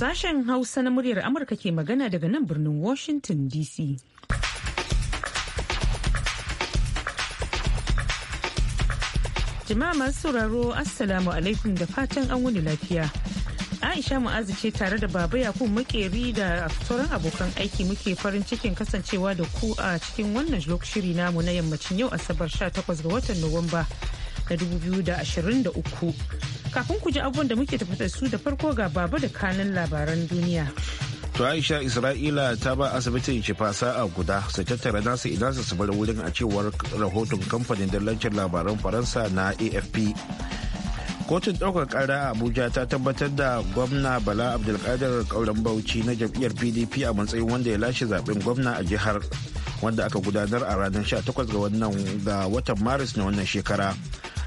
Sashen Hausa na muryar Amurka ke magana daga nan birnin Washington DC. Jama'a masu sauraro Assalamu alaikum da fatan an wuni lafiya. Aisha Mu'azu ce tare da Baba Yakub Makeri da sauran abokan aiki muke farin cikin kasancewa da ku a cikin wannan shiri namu na yammacin yau Asabar 18 ga watan Nuwamba na 2023. Kafin ku ji abubuwan da muke tafata su da farko ga baba da kanin labaran duniya. To Aisha Isra'ila ta ba asibitin Shifa sa'a guda su tattara nasu idan su bar wurin a cewar rahoton kamfanin dallancin labaran Faransa na AFP. Kotun ɗaukar ƙara a Abuja ta tabbatar da gwamna Bala Abdulkadir Kauran Bauchi na jam'iyyar PDP a matsayin wanda ya lashe zaben gwamna a jihar wanda aka gudanar a ranar 18 ga wannan ga watan Maris na wannan shekara.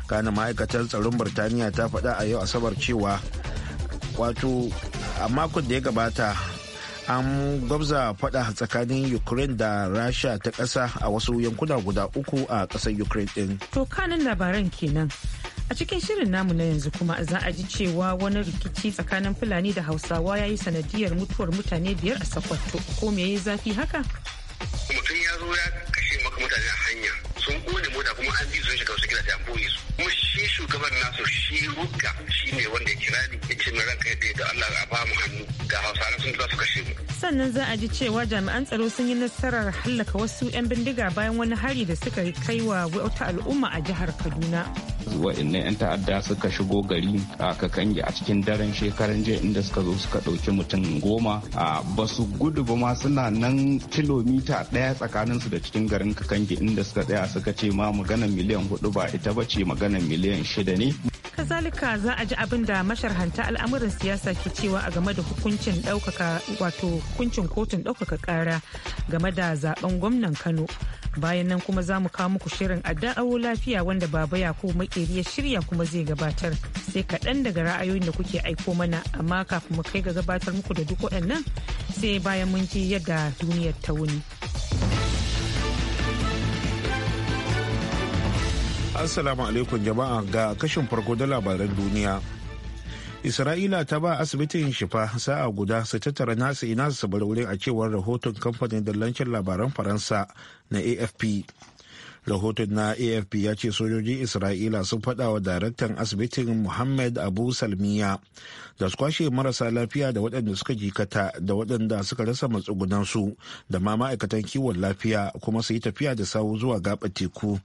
kana ma'aikatar tsaron birtaniya ta faɗa a yau asabar cewa wato a makon da ya gabata an gwabza faɗa tsakanin ukraine da rasha ta ƙasa a wasu yankuna guda uku a ƙasar ukraine ɗin. to kanan labaran kenan a cikin shirin namu na yanzu kuma za a ji cewa wani rikici tsakanin fulani da hausawa ya yi sanadiyar mutuwar mutane biyar a sakwato ko me ya zafi haka mutum ya zo ya kashe maka mutane sun kone mota kuma an bi su shiga wasu gida sai an boye su kuma shi shugaban nasu shi ruka shi ne wanda ya kira ni ya ce mai ranka yadda da Allah a ba mu hannu ga hausawa sun za su kashe mu. Sannan za a ji cewa jami'an tsaro sun yi nasarar hallaka wasu 'yan bindiga bayan wani hari da suka kai wa wata al'umma a jihar Kaduna. inna 'yan ta'adda suka shigo gari a kakangi a cikin daren shekaran jiya inda suka zo suka ɗauki mutum goma a ba su gudu ba ma suna nan kilomita ɗaya tsakaninsu da cikin garin kakangi inda suka tsaya suka ce ma maganar miliyan hudu ba ita ba ce magana miliyan miliyan shida ne. Kazalika za a ji abin da masharhanta al'amuran siyasa ke cewa a game da hukuncin ɗaukaka wato hukuncin kotun ɗaukaka ƙara game da zaben gwamnan Kano. Bayan nan kuma za mu kawo muku shirin a lafiya wanda Baba ko Makeri ya shirya kuma zai gabatar. Sai kaɗan daga ra'ayoyin da kuke aiko mana amma kafin mu kai ga gabatar muku da duk waɗannan sai bayan mun ji yadda duniyar ta wuni. Assalamu alaikum jama'a ga kashin farko da labaran duniya. Isra'ila ta ba asibitin shifa sa'a guda su tattara nasu ina su bar wurin a cewar rahoton kamfanin dallancin labaran Faransa na AFP. Rahoton na AFP ya ce sojojin Isra'ila sun faɗa wa daraktan asibitin Muhammad Abu Salmiya da su kwashe marasa lafiya da waɗanda suka jikata da waɗanda suka rasa matsugunansu da ma ma'aikatan kiwon lafiya kuma su yi tafiya da sawu zuwa gaɓa teku.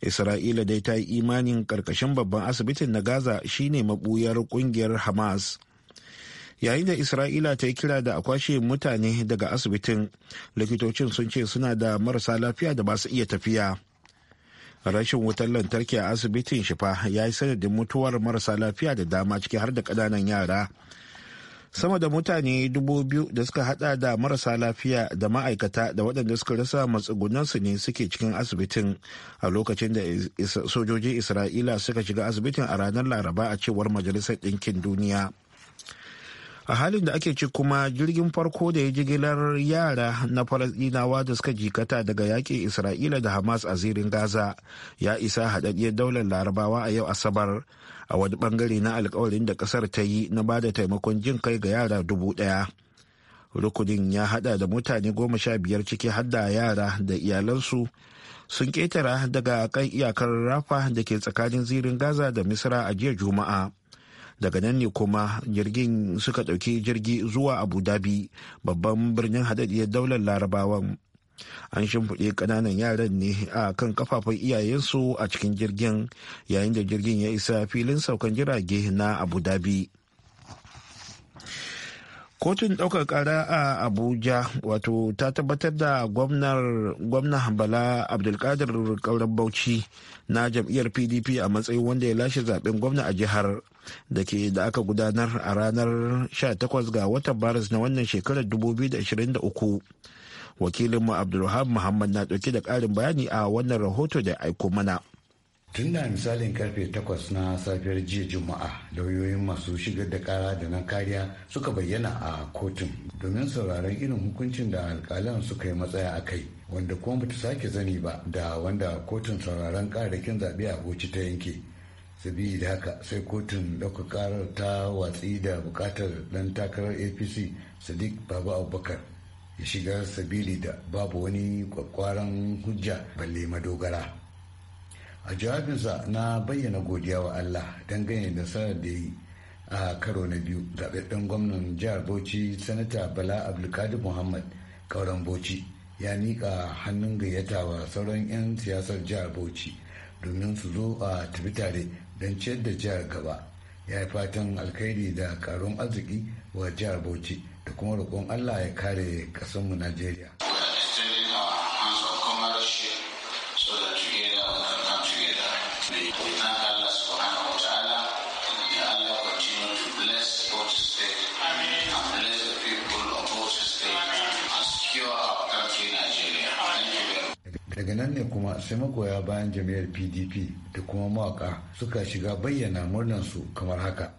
isra'ila dai ta yi imanin karkashin babban asibitin na gaza shine mabuyar kungiyar hamas yayin da isra'ila ta yi kira da akwashe mutane daga asibitin likitocin sun ce suna da marasa lafiya da ba su iya tafiya rashin wutar lantarki a asibitin shifa ya yi sanadin mutuwar marasa lafiya da dama ciki har da ƙananan yara sama da mutane dubu biyu da suka hada da marasa lafiya da ma'aikata da waɗanda suka rasa matsugunansu ne suke cikin asibitin a lokacin da sojojin isra'ila suka shiga asibitin a ranar laraba a cewar majalisar ɗinkin duniya a halin da ake ci kuma jirgin farko da ya jigilar yara na falasdinawa da suka jikata daga yakin isra'ila da hamas a zirin gaza ya isa haɗaɗɗiyar daular larabawa a yau asabar a wani bangare na alkawarin da ƙasar ta yi na ba da taimakon jin kai ga yara dubu ɗaya rukunin ya haɗa da mutane goma sha biyar ciki har da yara da iyalansu sun ketara daga kan iyakar rafa da ke tsakanin zirin gaza da misra a jiya juma'a daga nan ne kuma jirgin suka ɗauki jirgi zuwa abu dhabi babban birnin hadadiyar daular larabawan an shimfiɗe ƙananan yaran ne a kan kafafun iyayensu a cikin jirgin yayin da jirgin ya isa filin saukan jirage na abu dhabi kotun ɗaukar ƙara a abuja wato ta tabbatar da gwamnar bala abdulkadir kauran bauchi na jam'iyyar pdp a matsayin wanda ya lashe zaben gwamna a jihar da ke da aka gudanar a ranar 18 ga watan maris na wannan shekarar 2023 wakilinmu abdulrahman muhammad na ɗauke da ƙarin bayani a wannan rahoto da aiko mana tun da misalin karfe 8 na safiyar jiya juma'a lauyoyin masu shigar da kara da na kariya suka bayyana a kotun domin sauraron irin hukuncin da alkalan suka yi matsaya a kai wanda kuma bata sake zani ba da wanda kotun sauraron karakin zaɓe a goci ta yanke sabida haka sai kotun ɗauka karar ta watsi da buƙatar ɗan takarar apc sadiq baba abubakar ya shiga sabili da babu wani kwakwaran hujja balle madogara a jawabinsa na bayyana godiya wa allah dangane da sanar da yi a karo na biyu zaɓaɓɓen gwamnan jihar bauchi sanata bala abdulkadir muhammad kauran bauchi ya niƙa hannun gayyata wa sauran 'yan siyasar jihar bauchi domin su zo a tafi tare don ciyar da jihar gaba ya yi fatan alkhairi da karon arziki wa jihar bauchi da kuma roƙon allah ya kare ƙasarmu najeriya nan ne kuma sai magoya bayan jam'iyyar pdp da kuma mawaka suka shiga bayyana murnansu kamar haka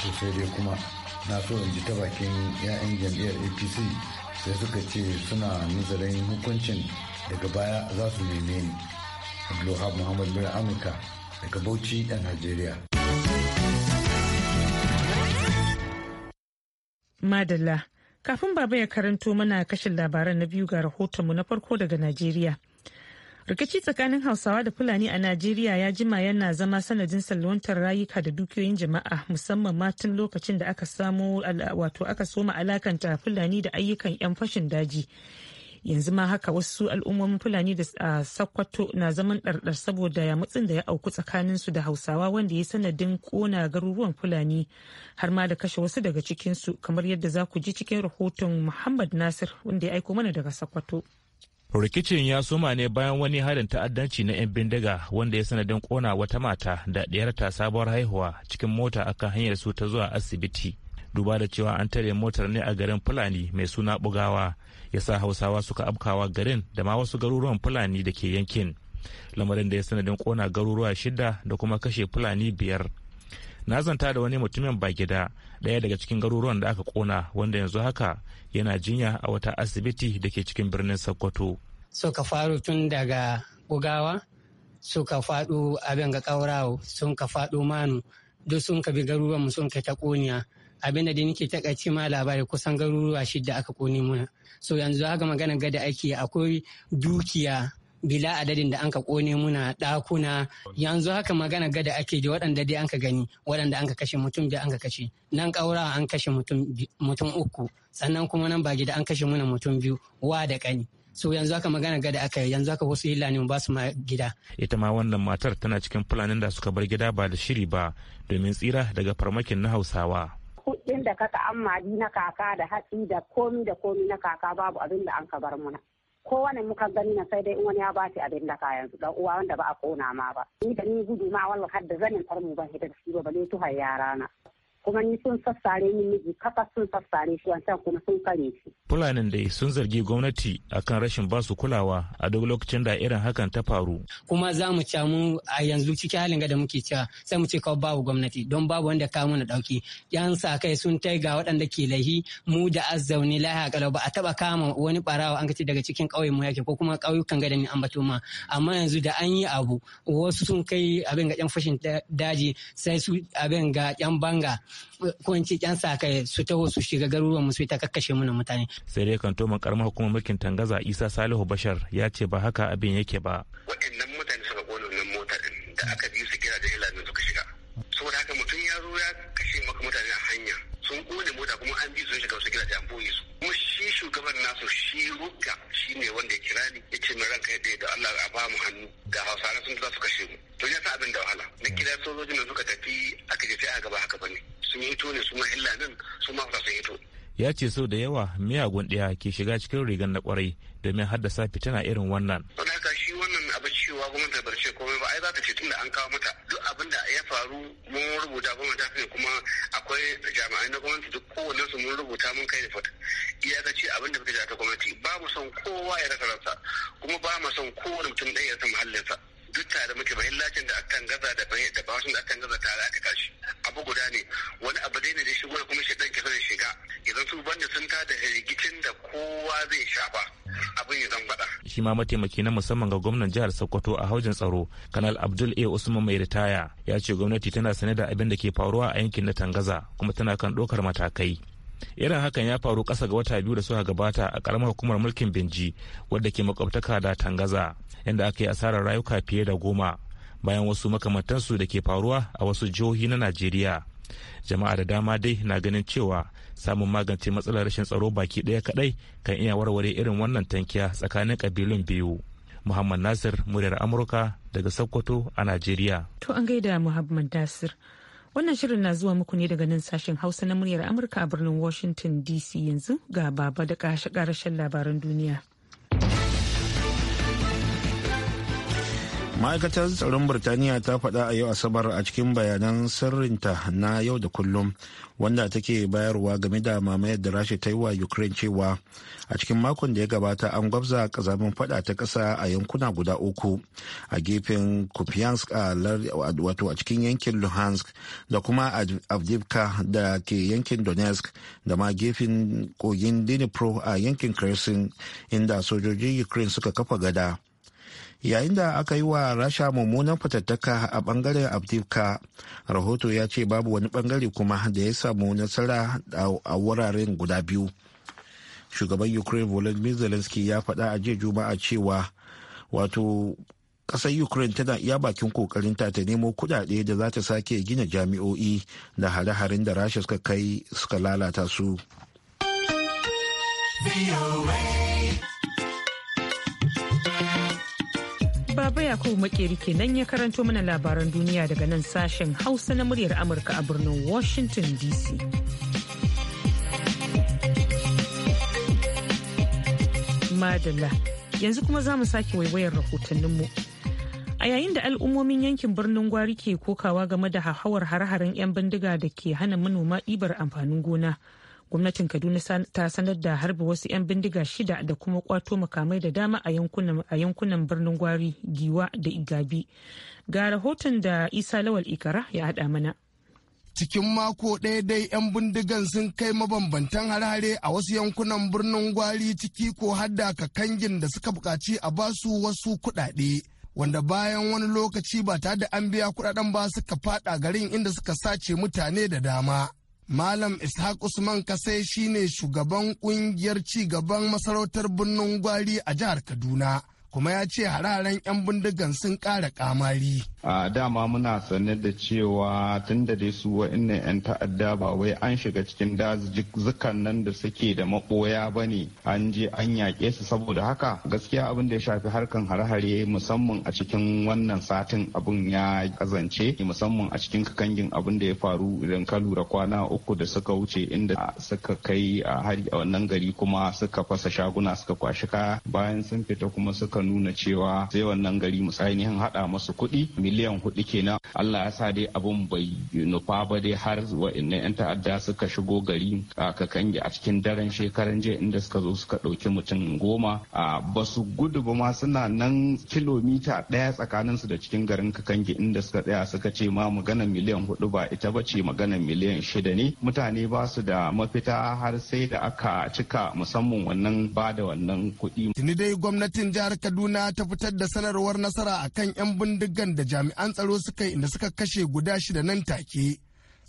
sosai dai kuma na so in ji ta bakin 'ya'yan jam'iyyar apc sai suka ce suna nazarin hukuncin daga baya za su neme ni abdulhab muhammad bin amurka daga bauchi a najeriya madalla Kafin baba ya karanto mana kashin labaran na biyu ga rahotonmu na farko daga Najeriya. Rikici tsakanin Hausawa da Fulani a Najeriya ya jima yana zama sanadin salwantar rayuka da dukiyoyin jama'a musamman ma tun lokacin da aka samo wato aka soma alakanta Fulani da ayyukan 'yan fashin daji. yanzu ma haka wasu al'ummomin fulani da sakwato na zaman ɗarɗar saboda yamutsin da ya auku tsakanin su da hausawa wanda ya sanadin kona garuruwan fulani har ma da kashe wasu daga cikinsu kamar yadda za ku ji cikin rahoton muhammad nasir wanda ya aiko mana daga sakwato. rikicin ya soma ne bayan wani harin ta'addanci na 'yan bindiga wanda ya sanadin kona wata mata da ɗiyarta sabuwar haihuwa cikin mota akan hanyar su ta zuwa asibiti duba da cewa an tare motar ne a garin fulani mai suna bugawa ya sa hausawa suka abkawa garin da ma wasu garuruwan fulani da ke yankin lamarin da ya sanadin kona garuruwa shida da kuma kashe fulani biyar na zanta da wani mutumin ba gida daya daga cikin garuruwan da aka kona wanda yanzu haka yana jinya a wata asibiti da ke cikin birnin sokoto suka faru tun daga bugawa suka faɗo abin ga ƙaurawo sun ka faɗo manu duk sun ka bi garuruwan sun kai ta ƙoniya abin da nake takaici ma labari kusan garuruwa shida aka kone muna so yanzu haka magana gada ake akwai dukiya bila adadin da anka kone muna ɗakuna yanzu haka magana gada ake da waɗanda dai anka gani waɗanda anka kashe mutum da anka kashe nan ƙaura an kashe mutum uku sannan kuma nan ba gida an kashe muna mutum biyu wa da ƙani so yanzu haka magana gada aka yanzu haka wasu illa ne ba su ma gida ita ma wannan matar tana cikin fulanin da suka bar gida ba da shiri ba domin tsira daga farmakin na hausawa kuɗin da kaka ammadi na kaka da hatsi da komi da komi na kaka babu abin da an ka bar muna kowane muka gani na sai dai in wani ya ba shi abin da ka yanzu dan uwa wanda ba a kona ma ba ni da ni gudu ma wallahi har da zanin farmu ban hita da shi ba bale tuhar yara na kuma ni sun sassare ni miji kafa sun sassare shi wancan kuma sun kare shi. Fulanin dai sun zargi gwamnati akan rashin basu kulawa a duk lokacin da irin hakan ta faru. Kuma za mu ca mu a yanzu ciki halin da muke cewa sai mu ce kawai babu gwamnati don babu wanda ka mana dauki. Yan sa kai sun tai ga waɗanda ke lahi mu da azzauni lahi a ba a taba kama wani barawa an kace daga cikin ƙauyen mu yake ko kuma ƙauyukan gadan an bato ma amma yanzu da an yi abu wasu sun kai abin ga yan fashin daji sai su abin ga yan banga ko yan sa kai su taho su shiga garuruwan mu su ta kakkashe mana mutane sai dai kan toman karamar hukumar mulkin tangaza Isa Salihu Bashar ya ce ba haka abin yake ba waɗannan mutane suka kona wannan mota din da aka bi su gida da hilalin suka shiga saboda haka mutum ya zo ya kashe maka mutane a hanya sun kone mota kuma an bi sun shiga wasu da an boye su kuma shi shugaban nasu shi ruka shi ne wanda ya kira ni ya ce mai ranka ya da Allah a ba mu hannu da hausawa sun za su kashe mu to ya sa abin da wahala na kira sojojin da suka tafi aka je sai a gaba haka bane sun hito ne su illa nan su ma sun hito ya ce sau da yawa miyagun ɗaya ke shiga cikin rigar na kwarai domin haddasa fitina irin wannan. Wani haka shi wannan abin cewa gwamnati bar ce komai ba ai za ta ce tun da an kawo mata duk abin da ya faru mun rubuta gwamnati ta kuma akwai jami'ai na gwamnati duk kowanne su mun rubuta mun kai report iyaka ce abin da fita ta gwamnati ba mu son kowa ya rasa ransa kuma ba mu son kowane mutum ɗaya ya san muhallinsa. duk da muke bahillacin da akan gaza da da bawashin da akan gaza tare aka kashi abu guda ne wani abu dai ne da shigo kuma shi dan kisa shiga idan su banda sun ta da rigicin da kowa zai shafa abin ya zan faɗa. shi ma mataimaki na musamman ga gwamnan jihar sokoto a haujin tsaro kanal abdul a usman mai ritaya ya ce gwamnati tana sane da abin da ke faruwa a yankin na tangaza kuma tana kan ɗaukar matakai irin hakan ya faru ƙasa ga wata biyu da suka gabata a ƙaramar hukumar mulkin benji wadda ke makwabtaka da tangaza inda aka yi asarar rayuka fiye da goma bayan wasu makamantansu da ke faruwa a wasu jihohi na najeriya jama'a da dama dai na ganin cewa samun magance matsalar rashin tsaro baki ɗaya kaɗai kan iya warware irin wannan tankiya tsakanin ƙabilun biyu muhammad nasir muryar amurka daga sokoto a najeriya to an gaida muhammad nasir Wannan shirin na zuwa muku ne daga nan sashen Hausa na muryar Amurka a birnin Washington DC yanzu ga baba da ƙarshen labaran duniya. ma'aikatar tsaron burtaniya ta faɗa a yau asabar a cikin bayanan sirrinta na yau da kullum wanda take bayarwa game da mamayar da rasha ta yi wa ukraine cewa a cikin makon da ya gabata an gwabza kazamin faɗa ta ƙasa a yankuna guda uku a gefen kupiansk a wato a cikin yankin luhansk da kuma avdivka da ke yankin donetsk da ma gefen kogin dnipro a yankin kresin inda sojojin ukraine suka kafa gada yayin da aka yi wa rasha mummunan fatattaka a bangaren abdivka rahoto ya ce babu wani bangare kuma da ya samu nasara a wuraren guda biyu shugaban ukraine volodymyr zelensky ya faɗa a jiya juma'a cewa wato ƙasar ukraine tana iya bakin ƙoƙarinta ta nemo kudade da za ta sake gina jami'o'i da hare-haren da rasha suka kai suka lalata su. Yakubu Makeri kenan ya karanto mana labaran duniya daga nan sashen Hausa na muryar Amurka a birnin Washington DC. Madalla, yanzu kuma za mu sake waiwayar rahotanninmu. A yayin da al'ummomin yankin birnin Gwari ke kokawa game da hauhawar hare-haren 'yan bindiga da ke hana manoma ɗibar amfanin gona. gwamnatin kaduna ta sanar da harba wasu 'yan bindiga shida da kuma kwato makamai da dama a yankunan birnin gwari giwa da igabi ga rahoton da isa lawal ikara ya hada mana cikin mako ɗaya dai 'yan bindigan sun kai mabambantan harare a wasu yankunan birnin gwari ciki ko hadda kakangin da suka bukaci a basu wasu kuɗaɗe wanda bayan wani lokaci ba tare da an biya kuɗaɗen ba suka faɗa garin inda suka sace mutane da dama Malam Ishaq Usman Kasai shine shugaban kungiyar ci gaban masarautar birnin Gwari a jihar Kaduna. kuma ya ce hararen 'yan bindigan sun ƙara kamari. a dama muna sane da cewa tun da dai su wa'in 'yan ta'adda ba wai an shiga cikin dazuzzukan nan da suke da maɓoya ba ne an je an yaƙe su saboda haka gaskiya abin da ya shafi harkan hare-hare musamman a cikin wannan satin abin ya kazance musamman a cikin kakangin abin da ya faru idan ka lura kwana uku da suka wuce inda suka kai a hari a wannan gari kuma suka fasa shaguna suka kwashi kaya bayan sun fita kuma suka suka nuna cewa sai wannan gari mu ainihin haɗa masu kuɗi miliyan hudu kenan Allah ya sa dai abun bai nufa ba dai har wa'annan 'yan ta'adda suka shigo gari a kakangi a cikin daren shekaran jiya inda suka zo suka ɗauki mutum goma a ba su gudu ba ma suna nan kilomita ɗaya su da cikin garin kakange inda suka tsaya suka ce ma magana miliyan hudu ba ita ba ce magana miliyan shida ne mutane ba su da mafita har sai da aka cika musamman wannan ba da wannan kuɗi. Tuni dai gwamnatin jihar kaduna ta fitar da sanarwar nasara akan 'yan bindigan da jami'an tsaro suka yi inda suka kashe guda shida nan take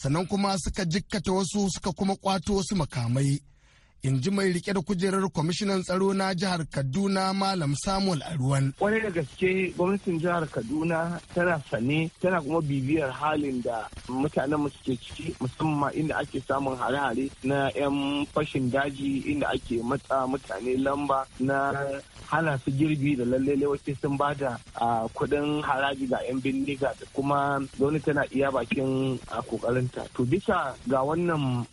sannan kuma suka jikkata wasu suka kuma kwato wasu makamai in ji mai rike da kujerar kwamishinan tsaro na jihar kaduna malam samuel aruwan wani da gaske gwamnatin jihar kaduna tana sane tana kuma bibiyar halin da mutanen suke ciki musamman inda ake samun hare-hare na 'yan fashin daji inda ake matsa mutane lamba na hana su girbi da lalle wace sun ba da kudin haraji ga 'yan bindiga da kuma gwamnati tana iya bakin kokarinta to bisa ga wannan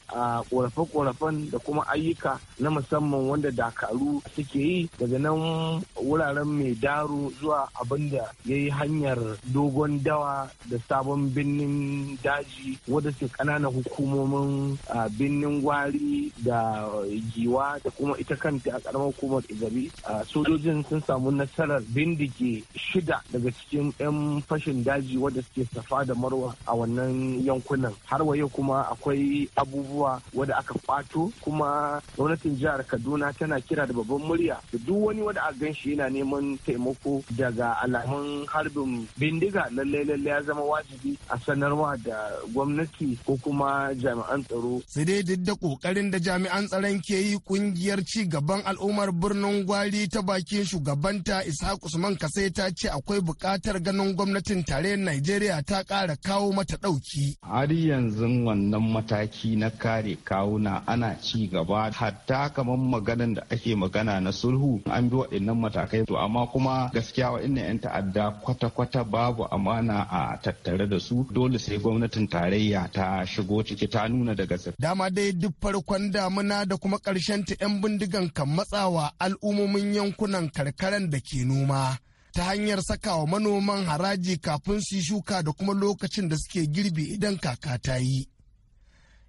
korafe-korafen da kuma ayyuka ayyuka na musamman wanda dakaru suke yi daga nan wuraren mai daro zuwa abinda da ya yi hanyar dogon dawa da sabon birnin daji wadda su ƙananan hukumomin birnin gwari da giwa da kuma ita kanta a karamar hukumar izabi sojojin sun samu nasarar bindige shida daga cikin 'yan fashin daji wadda suke safa da marwa a wannan yankunan har waye kuma akwai abubuwa wadda aka kwato kuma gwamnatin jihar kaduna tana kira da babban murya da duk wani wanda a gan shi yana neman taimako daga alamun harbin bindiga lallai lallai ya zama wajibi a sanarwa da gwamnati ko kuma jami'an tsaro sai dai duk da kokarin da jami'an tsaron ke yi kungiyar ci gaban al'ummar birnin gwari ta bakin shugabanta ishaq usman kasai ta ce akwai buƙatar ganin gwamnatin tarayyar najeriya ta ƙara kawo mata ɗauki har yanzu wannan mataki na kare kawuna ana ci gaba hatta kamar maganan da ake magana na sulhu an bi waɗannan matakai to amma kuma gaskiya waɗannan 'yan ta'adda kwata-kwata babu amana a tattare da su dole sai gwamnatin tarayya ta shigo ciki ta nuna da gaske. Dama dai duk farkon damuna da kuma karshen ta 'yan bindigan kan matsawa al'ummomin yankunan karkaran da ke noma. ta hanyar sakawa manoman haraji kafin su yi shuka da kuma lokacin da suke girbi idan kaka ta yi.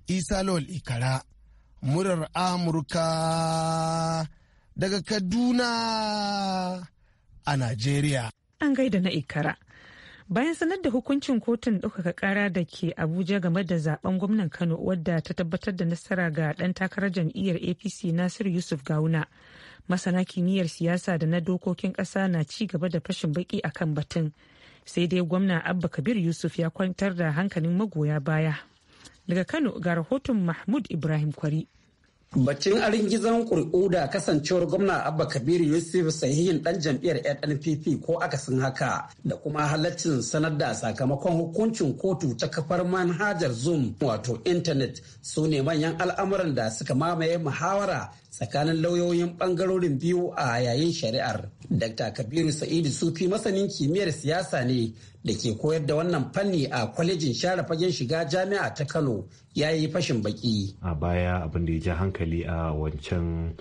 Isa Lawal Ikara, murar Amurka daga Kaduna a Najeriya. An gaida na Ikara. Bayan sanar da hukuncin kotun ɗaukaka ƙara da ke Abuja game da zaben gwamnan Kano wadda ta tabbatar da nasara ga ɗan takarar jam'iyyar APC Nasiru Yusuf Gawuna. Masana kimiyyar siyasa da na dokokin ƙasa na ci gaba da fashin baki akan batun. Sai dai gwamna Abba Kabir Yusuf ya kwantar da hankalin magoya baya Daga Kano ga rahoton Mahmud Ibrahim Kwari. Bacin arin gizon ƙuri'u da kasancewar gwamna Abba Kabiru Yusuf sahihin ɗan jam'iyyar NNPP ko akasin haka da kuma halaccin sanar da sakamakon hukuncin kotu ta kafar manhajar Zoom wato intanet su ne manyan al'amuran da suka mamaye muhawara tsakanin lauyoyin ɓangarorin biyu a yayin shari'ar. Dr. Kabiru Sa'idu Sufi masanin kimiyyar siyasa ne da ke koyar da wannan fanni a kwalejin share fagen shiga jami'a ta kano ya yi fashin baki a baya abin da ya ji hankali a wancan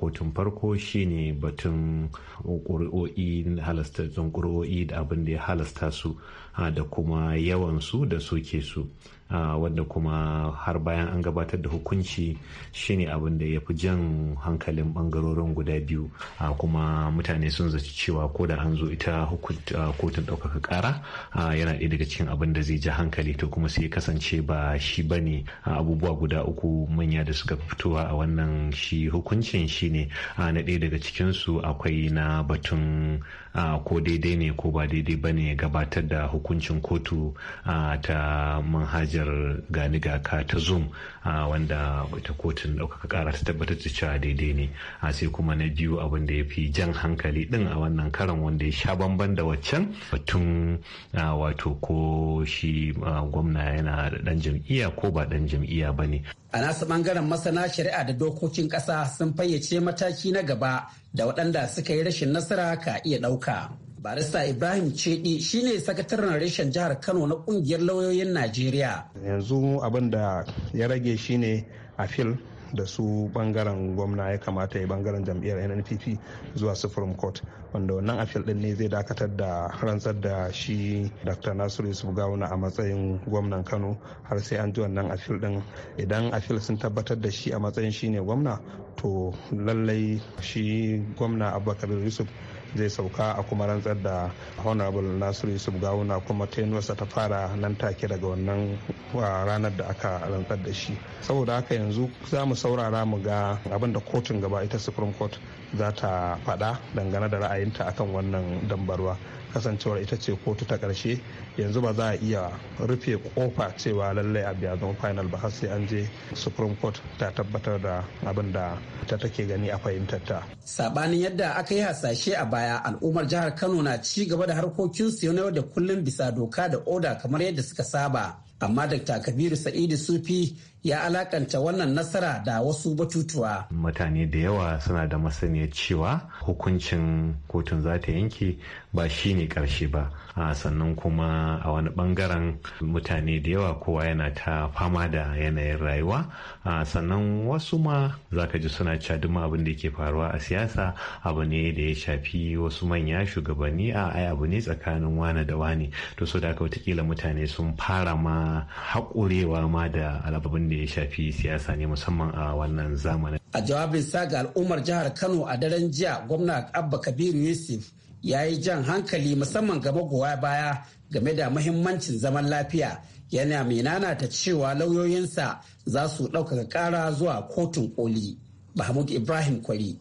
kotun farko shine batun ƙuri'o'i halasta da abin da ya halasta su da kuma yawan su da soke su wanda kuma har bayan an gabatar da hukunci shine abin da ya fi jan hankalin bangarorin guda biyu kuma mutane sun zaci cewa ko da an zo ita kotun ɗaukaka ƙara yana ɗaya daga cikin abin da zai ji hankali to kuma sai kasance ba shi ba ne abubuwa guda uku manya da suka fitowa a wannan shi hukuncin shine na ɗaya daga cikinsu akwai na batun ko daidai ne ko ba daidai ba ne gabatar da hukuncin kotu ta manhajar ganiga ka ta zoom wanda ita kotun ɗaukaka ƙara ta tabbatar da cewa daidai ne a sai kuma na biyu abin da ya fi jan hankali ɗin a wannan karan wanda ya sha bamban da waccan batun wato ko shi gwamna yana da ɗan jam'iyya ko ba ɗan jam'iyya ba ne. A nasu ɓangaren masana shari'a da dokokin ƙasa sun fayyace mataki na gaba da waɗanda suka yi rashin nasara ka iya ɗauka. Barista Ibrahim Cedi shine sakataren reshen jihar Kano na kungiyar lauyoyin Najeriya. Yanzu abin da ya rage shine a fil da su bangaren gwamna ya kamata ya bangaren jam'iyyar nnpp zuwa supreme court wanda wannan afil din ne zai dakatar da rantsar da shi dr nasiru yusuf gawuna a matsayin gwamnan kano har sai an ji wannan afil din idan afil sun tabbatar da shi a matsayin shi ne gwamna to lallai shi gwamna abubakar yusuf zai sauka a kuma rantsar da honorable nasiru yusuf gawuna kuma tenuwarsa ta fara nan take daga wannan ranar da aka rantsar da shi saboda haka yanzu za mu saurara mu ga abin da kotun gaba ita supreme court za ta faɗa dangane da ra'ayinta akan wannan dambarwa kasancewar ita ce kotu ta ƙarshe yanzu ba za a iya rufe kofa cewa lallai a biya final ba har sai an je supreme court ta tabbatar da abin da ta take gani a fahimtar ta sabanin yadda aka yi hasashe a baya al'ummar jihar kano na ci gaba da harkokin su yau da kullum bisa doka da oda kamar yadda suka saba amma dr kabiru sa'idu sufi ya alakanta wannan nasara da wasu batutuwa. Mutane da yawa suna da masaniyar cewa hukuncin kotun za ta yanke ba shi ne ƙarshe ba. A sannan kuma a wani bangaren mutane da yawa kowa yana ta fama da yanayin rayuwa. A sannan wasu ma za ka ji suna cewa duma abin da yake faruwa a siyasa abu ne da ya shafi wasu manya shugabanni a ai abu ne tsakanin wane da wane. To so da haka watakila mutane sun fara ma haƙurewa ma da alababin da ya shafi siyasa ne musamman a wannan zamanin. A jawabinsa ga al'ummar jihar Kano a daren jiya gwamna Abba Kabiru Yusuf ya yi jan hankali musamman ga magowa baya game da mahimmancin zaman lafiya yana mai nanata cewa lauyoyinsa za su ɗaukaka ƙara zuwa kotun koli. Mahmud Ibrahim Kwari,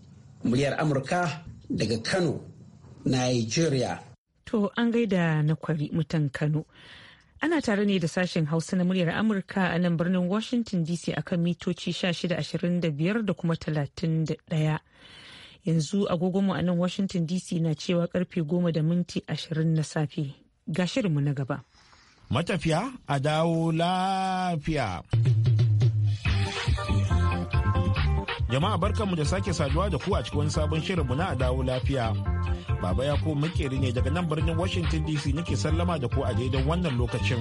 muryar Amurka daga Kano, Nigeria. To an gaida na kwari mutan Kano. Ana tare ne da sashen Hausa na muryar Amurka a nan birnin Washington DC akan mitoci 1625 da kuma 31. Yanzu agogonmu a nan Washington DC na cewa karfe 10 da minti 20 na safe. Ga shirinmu na gaba. Matafiya a dawo lafiya. Jama'a barkanmu da sake saduwa da ku a cikin sabon shirinmu na dawo lafiya. Baba ya ko makeri ne daga nan birnin Washington DC nake sallama da ku a daidan wannan lokacin.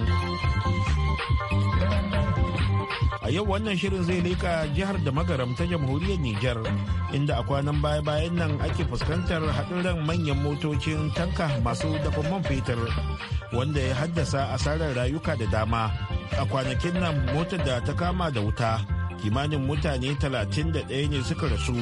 A yau wannan shirin zai leka jihar da magaram ta jamhuriyar niger inda a kwanan baya-bayan nan ake fuskantar haɗuran manyan motocin tanka masu dafa man fetur wanda ya haddasa asarar rayuka da dama. A kwanakin nan motar da ta kama da wuta kimanin mutane 31 ne suka rasu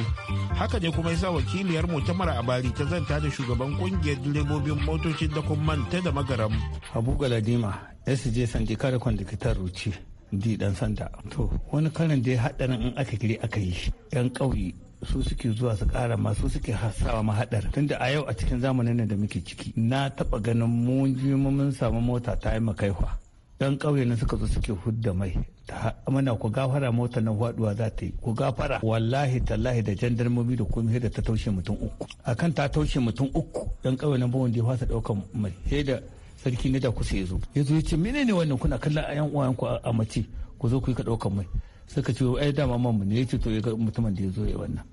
haka ne kuma yasa wakiliyar mutamar abari ta zanta da shugaban kungiyar direbobin motocin da kuma manta da magaram abu galadima sj sandika da kwandikitar ruci di dan sanda to wani karin da ya haɗarin in aka kiri aka yi yan ƙauye su suke zuwa su kara masu suke hasawa mahaɗar tunda a yau a cikin zamanin nan da muke ciki na taɓa ganin mun mun samu mota ta yi makaihwa yan ƙauye na suka zo suke hudda mai ta mana ku gafara mota nan faduwa za ta yi ku gafara wallahi tallahi da jandarmomi da komai da ta taushe mutum uku akan ta taushe mutum uku dan kawai nan bawon da ya fasa daukan mai sai da sarki ne da kusa ya zo ya zo ya ce ne wannan kuna kallon yan uwayen ku a mace ku zo ku yi ka daukan mai ka ce ai dama mamu ne ya ce to ya ga mutumin da ya zo ya wannan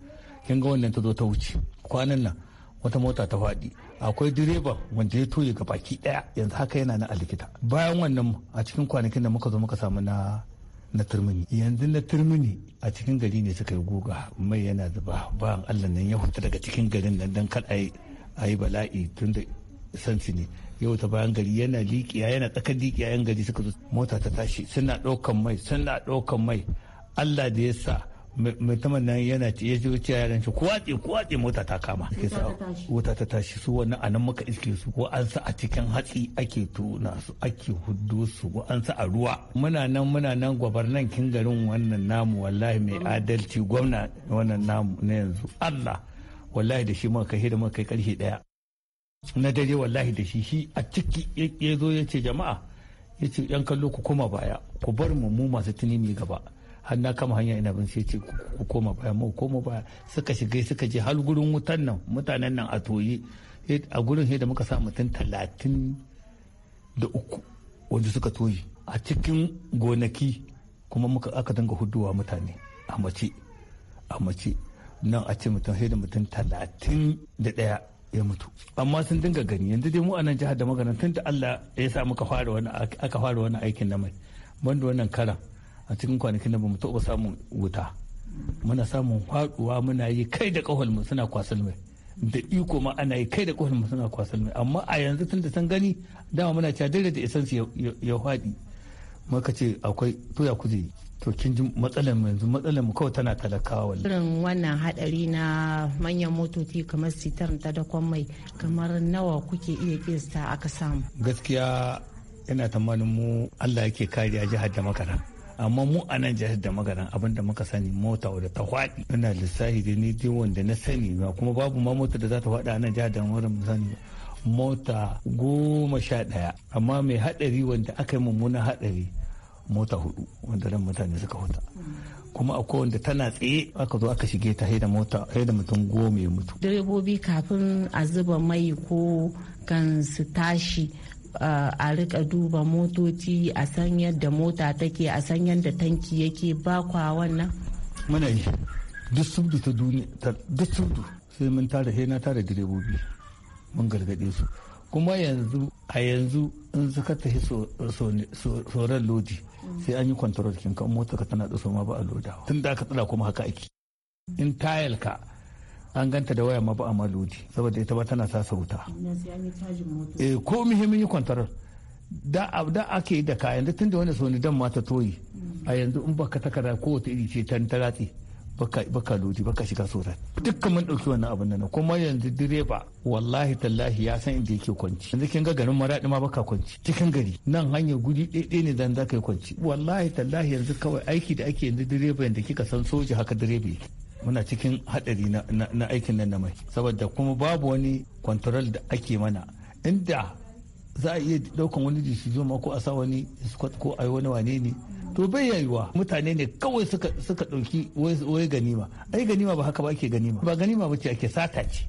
kin ga wannan ta zo ta wuce kwanan nan wata mota ta faɗi akwai direba wanda ya toye ga baki ɗaya yanzu haka yana na a likita bayan wannan a cikin kwanakin da muka zo muka samu na na turmini yanzu na turmini a cikin gari ne suka yi guga mai yana zuba bayan allah nan ya huta daga cikin garin nan don kar a yi bala'i tun da sansi ne yau ta bayan gari yana liƙiya yana tsakar likiya yan gari suka zo mota ta tashi suna ɗaukan mai suna ɗaukan mai allah da ya sa mutumin nan yana ya zo ce yaran shi kuwatse wace mota ta kama wuta ta tashi su wannan anan muka iske su ko an sa a cikin hatsi ake tona su ake hudu su ko an sa a ruwa muna nan muna nan gwabarnan kin garin wannan namu wallahi mai mm. adalci gwamna wannan namu na yanzu Allah wallahi da shi muka kai da muka kai karshe daya na dare wallahi da shi shi a ciki ya zo ya ce jama'a ya ce yan kallo ku koma baya ku bar mu mu masu tuni gaba har na kama hanya ina bin sai ce ku koma baya mu koma baya suka shiga suka je har gurin wutan nan mutanen nan a toye a gurin sai da muka sa mutum talatin da uku wanda suka toye a cikin gonaki kuma muka aka dinga huduwa mutane a mace a mace nan a ce mutum sai da mutum talatin da daya ya mutu amma sun dinga gani yanzu dai mu a nan jihar da maganin tun da Allah ya sa muka fara wani aka fara wani aikin na mai banda wannan karan a cikin kwanakin da bamu taɓa samun wuta muna samun faɗuwa muna yi kai da ƙawar mu suna kwasar mai da iko ma ana yi kai da ƙawar mu suna kwasar mai amma a yanzu tun da san gani dama muna cewa dare da isansu ya faɗi muka ce akwai tuya kuje to kin ji matsalar yanzu matsalar mu kawai tana talakawa wallahi irin wannan hadari na manyan motoci kamar sitar ta da mai kamar nawa kuke iya kiyasta aka samu gaskiya ina tamanin mu Allah yake kariya jihar da makara amma mu a nan jihar da magana abin da muka sani mota wadda ta faɗi ina lissafi da ni dai wanda na sani ba kuma babu ma mota da za ta faɗi a nan jihar da mu sani mota goma sha ɗaya amma mai haɗari wanda aka yi mummunan haɗari mota hudu wanda nan mutane suka huta kuma akwai wanda tana tsaye aka zo aka shige ta haida mota haida mutum goma ya mutu direbobi kafin a zuba mai ko kan su tashi a rika duba motoci a san yadda mota take a san yadda tanki yake ba kwa wannan muna yi duk subdu ta duniya duk subdu sai mun tara sai na tara direbobi mun gargade su kuma yanzu a yanzu in suka tafi tsoron lodi sai an yi kwantarar kinka mota ka tana da ma ba a lodawa tun da aka tsada kuma haka ake in tayal ka an ganta da waya ma ba a malodi saboda ita ba tana sa sauta eh ko muhimmin yi kwantar da da ake da kayan da tunda wani sauni dan mata toyi a yanzu in baka kada ko wata iri ce ta taratsi baka lodi baka shiga sosai dukkan mun dauki wannan abin nan kuma yanzu direba wallahi tallahi ya san inda yake kwanci yanzu kin ga garin maradi ma baka kwanci cikin gari nan hanyar guri ɗaya ne dan zaka yi kwanci wallahi tallahi yanzu kawai aiki da ake yanzu direba yanda kika san soja haka direba yake muna cikin haɗari na aikin nan na mai saboda kuma babu wani kwantarol da ake mana inda za a iya ɗaukan wani jishi ma ko a sa wani squad ko a yi wani wane ne to bai yayuwa mutane ne kawai suka ɗauki wai ganima ai ganima ba haka ba ake ganima ba ganima ba ce ake sata ce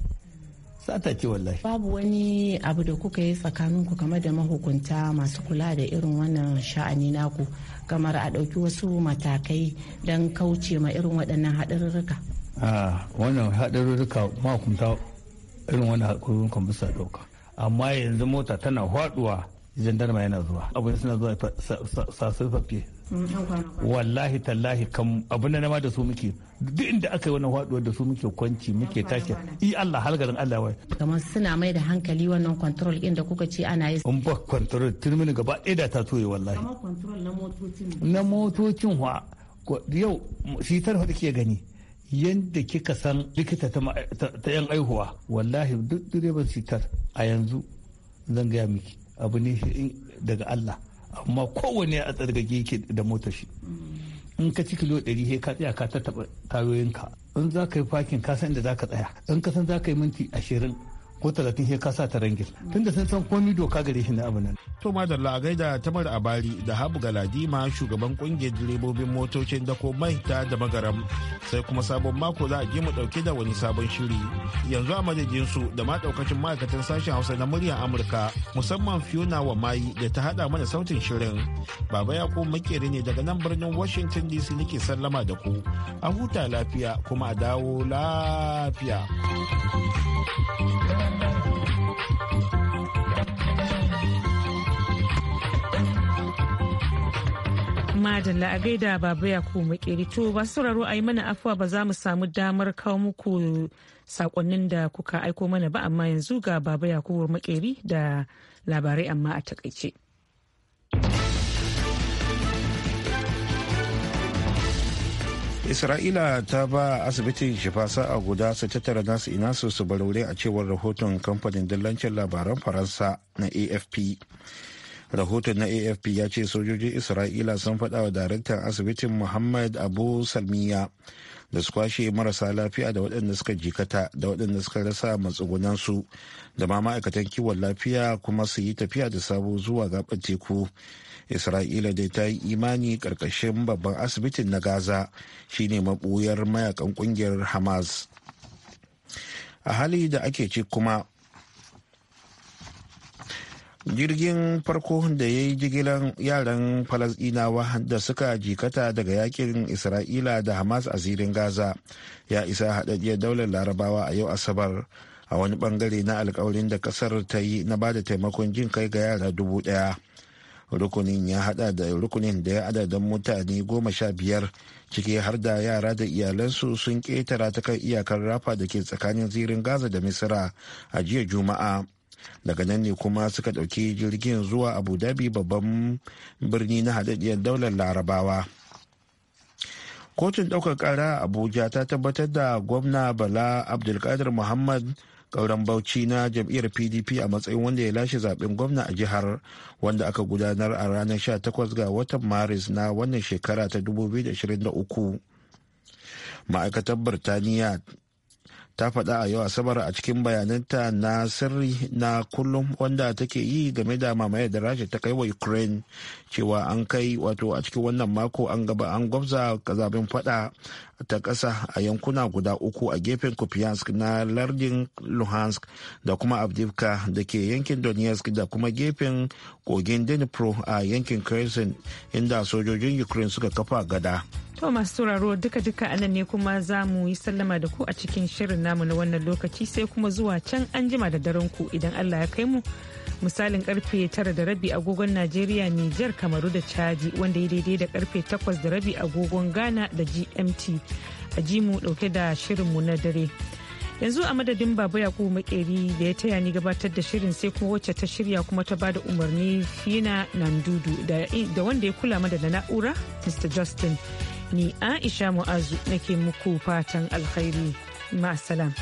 sata ce wallahi babu wani abu da kuka yi tsakaninku kamar da mahukunta masu kula da irin wannan sha'ani naku kamar a ɗauki wasu matakai don kauce ma irin waɗannan haɗarurruka a wannan haɗarurruka mahukunta irin wannan haɗarurrukan bisa ɗauka amma yanzu mota tana faɗuwa jandarma yana zuwa abin suna zuwa sassafafe Mm, wallahi tallahi kam abin da ma da su muke duk inda aka yi wannan haduwar da su muke kwanci muke tashi i Allah halgarin Allah wai kamar suna mai da hankali wannan control din da kuka ce ana yi in ba control mini gaba ɗaya da ta toye wallahi kamar control na motocin na motocin wa yau shi tarfa take gani yadda kika san likita ta yan aihuwa wallahi duk direban sitar a yanzu zan gaya miki abu ne daga Allah amma kowane a tsargage yake da motar shi in ka ci kilo 100 ka tsaya ka tattaba tayoyinka in za ka yi fakin ka san da za ka tsaya in ka san za ka yi minti ashirin ko talatin sai ka ta rangin tunda sun san komi doka gare shi na abu nan. to madalla a gaida tamar abari da habu galadima shugaban kungiyar direbobin motocin da ko mai ta da magaram sai kuma sabon mako za a je mu dauke da wani sabon shiri yanzu a madadin su da ma daukacin ma'aikatan sashen hausa na muryar amurka musamman fiona wa mayi da ta hada mana sautin shirin baba ya ko makeri ne daga nan birnin washington dc nake sallama da ku a huta lafiya kuma a dawo lafiya. thank you Madalla a gaida baba ya ku makeri to ba sauraro a yi mana afuwa ba za mu samu damar kawo muku sakonnin da kuka aiko mana ba amma yanzu ga baba ya ku makeri da labarai amma a takaice. isra'ila ta ba asibitin shifa sa'a guda su tattara nasu ina su su a cewar rahoton kamfanin dillancin labaran faransa na afp rahoton na afp ya ce sojojin isra'ila sun faɗa wa daraktan asibitin muhammad abu salmiya da su kwashe marasa lafiya da waɗanda suka jikata da waɗanda suka rasa matsugunansu da ma ma'aikatan kiwon lafiya kuma su yi tafiya da sabo zuwa gaɓar teku isra'ila dai ta yi imani ƙarƙashin babban asibitin na gaza shine mabuyar mayakan ƙungiyar hamas a hali da ake ci kuma jirgin farko da ya yi jigilan yaran falasdinawa da suka jikata daga yakin isra'ila da hamas a zirin gaza ya isa haɗaɗɗiyar daular larabawa a yau asabar a wani bangare na alkawarin da kasar ta yi na ba da taimakon jin kai ga yara dubu ɗaya rukunin ya hada da rukunin da ya adadin mutane goma sha biyar ciki har da yara da iyalansu sun ƙetara ta kan iyakar rafa da ke tsakanin zirin gaza da misira a jiya juma'a daga nan ne kuma suka ɗauki jirgin zuwa abu dhabi babban birni na hadadiyar daular larabawa kotun ɗaukar ƙara abuja ta tabbatar da gwamna bala abdulkadir muhammad kauran bauchi na jam'iyyar pdp a matsayin wanda ya lashe zaben gwamna a jihar wanda aka gudanar a ranar 18 ga watan maris na wannan shekara ta 2023 ma'aikatar birtaniya ta faɗa a yau asabar a cikin bayananta na sirri na kullum wanda take yi game da mamayar da rasha ta kai wa ukraine cewa an kai wato a cikin wannan mako an gaba an gwabza zaben faɗa ta ƙasa a yankuna guda uku a gefen kupiansk na lardin luhansk da kuma abdivka da ke yankin donetsk da kuma gefen kogin dnipro a yankin kherson inda sojojin ukraine suka kafa gada. To masu sauraro duka-duka anan ne kuma za mu yi sallama da ku a cikin shirin namu na wannan lokaci sai kuma zuwa can an jima da daren ku idan Allah ya kai mu. Misalin karfe tara da rabi agogon Najeriya, Nijar, Kamaru da Chadi wanda ya daidai da karfe takwas da rabi agogon Ghana da GMT. A ji mu dauke da shirinmu na dare. Yanzu a madadin Baba Yakubu Makeri da ya taya ni gabatar da shirin sai kuma wacce ta shirya kuma ta bada umarni Fina Nandudu da wanda ya kula mada da na'ura Mr. Justin. ni aisha mu'azu nake muku fatan alkhairi ma'asalam.